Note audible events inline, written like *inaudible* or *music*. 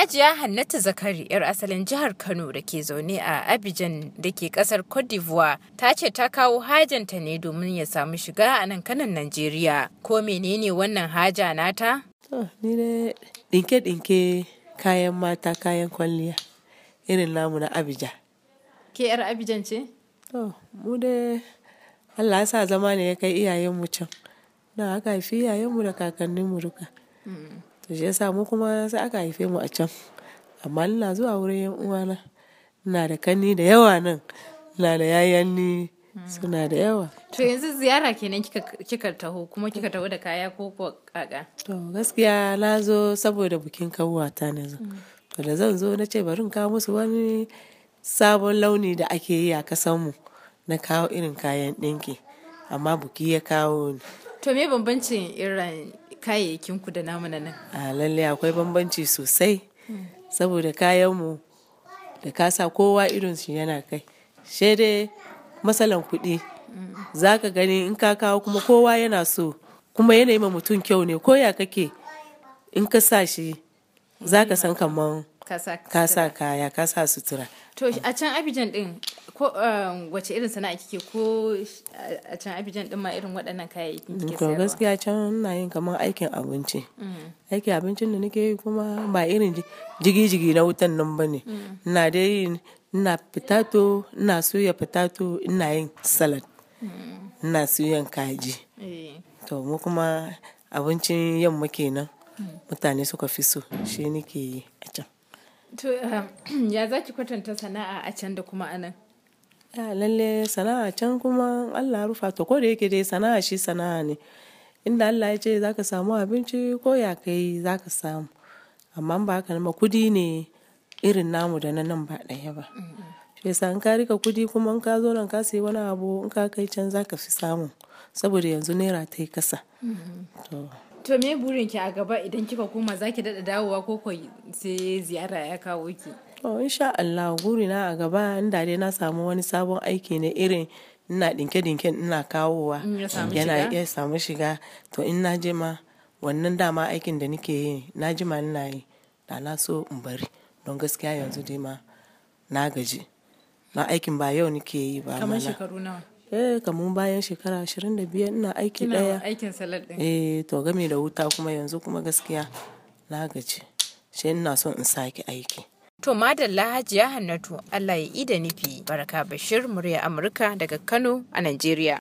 Hajiya Hannatu Zakari, 'yar asalin jihar Kano da ke zaune a Abidjan da ke kasar Cote d'Ivoire, ta ce ta kawo hajanta ne domin ya samu shiga a nan kanan Najeriya. Ko menene wannan haja nata? To, ni ne ɗinke-ɗinke kayan mata kayan kwalliya irin namu na Abidjan. Ke 'yar Abidjan ce? To, mu da Allah sa zama ne ya kai iyayenmu can. Na haka fi iyayenmu da kakanninmu duka. Mm. to shi yasa mu kuma sai aka haife mu a can amma ina zuwa wurin yan uwana ina da kani da yawa nan ina da ni suna da yawa to yanzu ziyara kenan kika taho kuma kika taho da kaya ko ko kaka to gaskiya na zo saboda bikin kawuwa ta zo to da zan zo na ce bari in kawo musu wani sabon launi da ake yi a kasanmu na kawo irin kayan ɗinki amma buki ya kawo ni to me bambancin irin kayayyakin ku da namu nan? A lalle akwai bambanci sosai saboda kayanmu da kasa kowa irin shi yana kai. Shede matsalan kuɗi za ka gani in ka kawo kuma kowa yana so kuma yanayi ma mutum kyau ne ko ya kake in ka sa shi za ka san kamar ka sa kaya ka sa sutura to a can abijan din ko um, wace irin sana'a kike ko a can abijan din ma irin waɗannan kayayyaki kike sayarwa to gaskiya can na yin kamar aikin abinci mm. aikin abincin da nake yi kuma ba irin jigi-jigi na wutan nan bane mm. ina dai ina fitato ina soya fitato ina yin salad mm. ina soyan kaji eh. to mu kuma abincin yamma kenan mutane suka fi so shi nake yi a can Ehm, *clears throat* ya za ki kwatanta sana'a a can da kuma anan? lalle sana'a can kuma Allah rufa ta ko da yake dai sana'a shi sana'a ne inda Allah ya ce za ka samu abinci ko ya kai za ka samu amma ba haka nama kudi ne irin namu da na nan ba ɗaya ba shi yasa in ka rika kudi kuma in ka zo nan ka sayi wani abu in ka kai can za ka fi samu saboda yanzu naira ta yi kasa. Mm-hmm. To me burin ki a gaba idan kika koma zaki ki daɗa dawowa ko ko sai ziyara ya kawo ki? To insha Allah burina a gaba inda dai na samu wani sabon aiki ne irin ina dinke-dinke ina kawowa yana iya samu shiga to in na je ma wannan dama aikin da nake yi na ji ma ina yi da na so in bari don gaskiya yanzu dai ma na gaji Na aikin ba yau nake yi ba kamar shekaru nawa Eh kamun bayan shekara ashirin ina aiki ɗaya. aikin salad ɗin. Eh to game da wuta kuma yanzu kuma gaskiya na gaji. Shi ina son in sake aiki. To madalla Hajiya Hannatu Allah ya ida fi Baraka Bashir murya Amurka daga Kano a Najeriya.